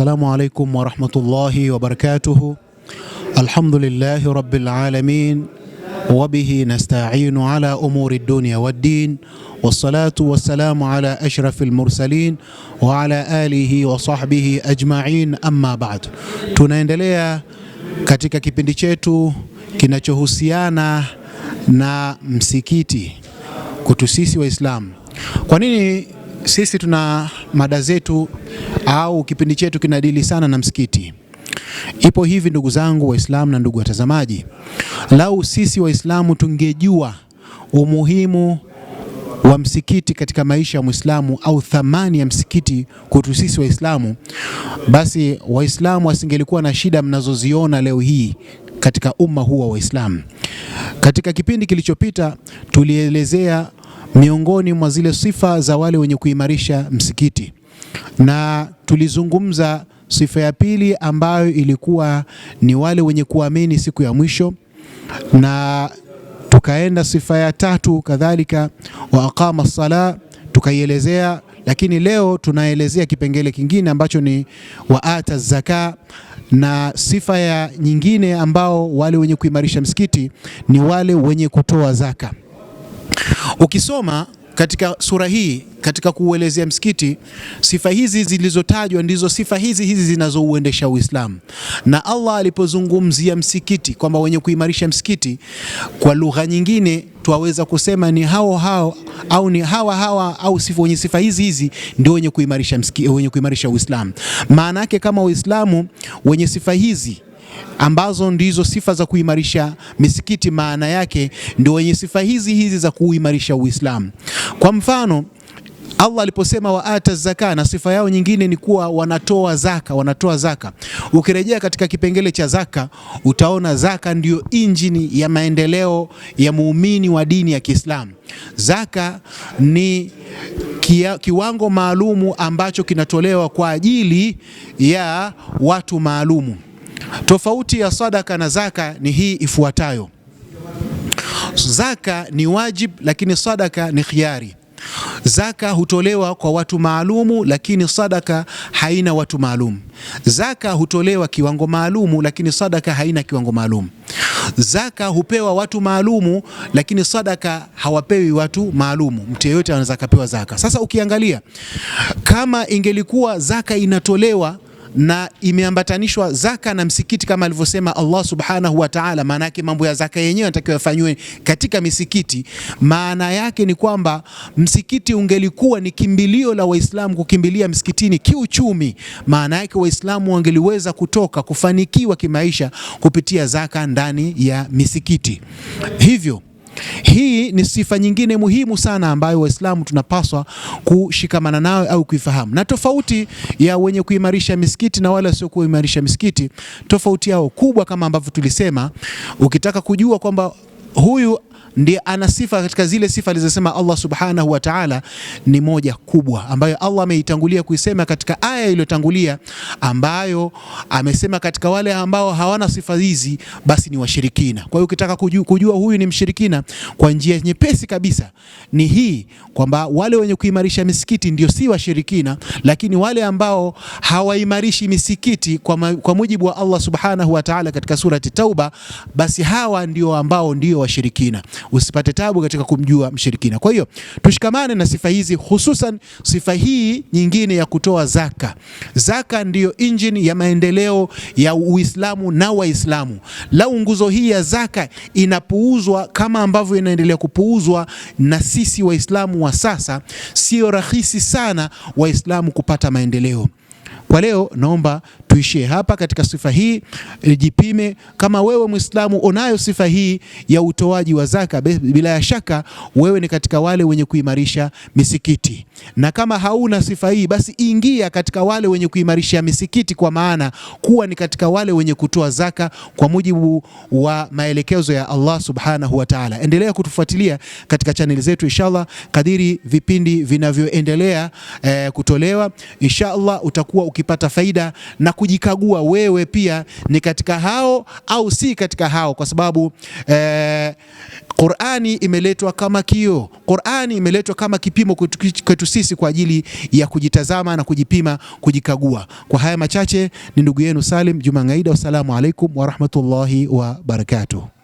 Assalamu alaikum warahmatullahi wabarakatuhu. Alhamdulillahi rabbil alamin wabihi nasta'inu ala umuri dunya waddin wassalatu wassalamu ala ashrafil mursalin wa ala alihi wa sahbihi ajma'in, amma ba'd. Tunaendelea katika kipindi chetu kinachohusiana na msikiti kutu sisi Waislamu. Kwa nini sisi tuna mada zetu au kipindi chetu kinadili sana na msikiti. Ipo hivi ndugu zangu Waislamu na ndugu watazamaji, lau sisi Waislamu tungejua umuhimu wa msikiti katika maisha ya Mwislamu au thamani ya msikiti kwetu sisi Waislamu, basi Waislamu wasingelikuwa na shida mnazoziona leo hii katika umma huu wa Waislamu. Katika kipindi kilichopita tulielezea miongoni mwa zile sifa za wale wenye kuimarisha msikiti, na tulizungumza sifa ya pili ambayo ilikuwa ni wale wenye kuamini siku ya mwisho, na tukaenda sifa ya tatu kadhalika, wa aqama sala tukaielezea, lakini leo tunaelezea kipengele kingine ambacho ni ata zaka, na sifa ya nyingine ambao wale wenye kuimarisha msikiti ni wale wenye kutoa zaka. Ukisoma katika sura hii katika kuuelezea msikiti, sifa hizi zilizotajwa ndizo sifa hizi hizi zinazouendesha Uislamu. Na Allah alipozungumzia msikiti kwamba wenye kuimarisha msikiti, kwa lugha nyingine twaweza kusema ni hao hao au ni hawa hawa au sifa wenye sifa hizi hizi ndio wenye kuimarisha msikiti, wenye kuimarisha Uislamu. Maana yake kama Uislamu wenye sifa hizi ambazo ndizo sifa za kuimarisha misikiti. Maana yake ndio wenye sifa hizi hizi za kuimarisha Uislamu. Kwa mfano Allah aliposema wa ata zaka, na sifa yao nyingine ni kuwa wanatoa zaka, wanatoa zaka. Ukirejea katika kipengele cha zaka, utaona zaka ndiyo injini ya maendeleo ya muumini wa dini ya Kiislamu. Zaka ni kia, kiwango maalumu ambacho kinatolewa kwa ajili ya watu maalumu. Tofauti ya sadaka na zaka ni hii ifuatayo: zaka ni wajib, lakini sadaka ni khiari. Zaka hutolewa kwa watu maalumu, lakini sadaka haina watu maalum. Zaka hutolewa kiwango maalumu, lakini sadaka haina kiwango maalum. Zaka hupewa watu maalumu, lakini sadaka hawapewi watu maalumu. Mtu yeyote anaweza akapewa zaka. Sasa ukiangalia, kama ingelikuwa zaka inatolewa na imeambatanishwa zaka na msikiti kama alivyosema Allah subhanahu wa ta'ala. Maana yake mambo ya zaka yenyewe yanatakiwa yafanywe katika misikiti. Maana yake ni kwamba msikiti ungelikuwa ni kimbilio la Waislamu kukimbilia msikitini kiuchumi, maana yake Waislamu wangeliweza kutoka kufanikiwa kimaisha kupitia zaka ndani ya misikiti hivyo hii ni sifa nyingine muhimu sana ambayo Waislamu tunapaswa kushikamana nayo au kuifahamu. Na tofauti ya wenye kuimarisha misikiti na wale wasiokuimarisha misikiti, tofauti yao kubwa kama ambavyo tulisema, ukitaka kujua kwamba huyu ndiye ana sifa katika zile sifa alizosema Allah subhanahu wa ta'ala, ni moja kubwa ambayo Allah ameitangulia kuisema katika aya iliyotangulia, ambayo amesema katika wale ambao hawana sifa hizi basi ni washirikina. Kwa hiyo ukitaka kujua, kujua huyu ni mshirikina kwa njia nyepesi kabisa ni hii kwamba wale wenye kuimarisha misikiti ndio si washirikina, lakini wale ambao hawaimarishi misikiti kwa, ma, kwa mujibu wa Allah subhanahu wa ta'ala katika surati Tauba, basi hawa ndio ambao ndio washirikina usipate tabu katika kumjua mshirikina. Kwa hiyo tushikamane na sifa hizi, hususan sifa hii nyingine ya kutoa zaka. Zaka ndiyo injini ya maendeleo ya Uislamu na Waislamu. Lau nguzo hii ya zaka inapuuzwa kama ambavyo inaendelea kupuuzwa na sisi Waislamu wa sasa, sio rahisi sana Waislamu kupata maendeleo. Kwa leo naomba tuishie hapa katika sifa hii. Jipime kama wewe Mwislamu unayo sifa hii ya utoaji wa zaka, bila ya shaka wewe ni katika wale wenye kuimarisha misikiti, na kama hauna sifa hii, basi ingia katika wale wenye kuimarisha misikiti, kwa maana kuwa ni katika wale wenye kutoa zaka kwa mujibu wa maelekezo ya Allah subhanahu wa ta'ala. Endelea kutufuatilia katika chaneli zetu inshallah, kadiri vipindi vinavyoendelea eh, kutolewa inshallah utakuwa ukipata faida na kujikagua wewe pia ni katika hao au si katika hao, kwa sababu eh, Qur'ani imeletwa kama kio Qur'ani imeletwa kama kipimo kwetu sisi kwa ajili ya kujitazama na kujipima, kujikagua. Kwa haya machache, ni ndugu yenu Salim Juma Ngaida. Wassalamu alaikum warahmatullahi wabarakatuh.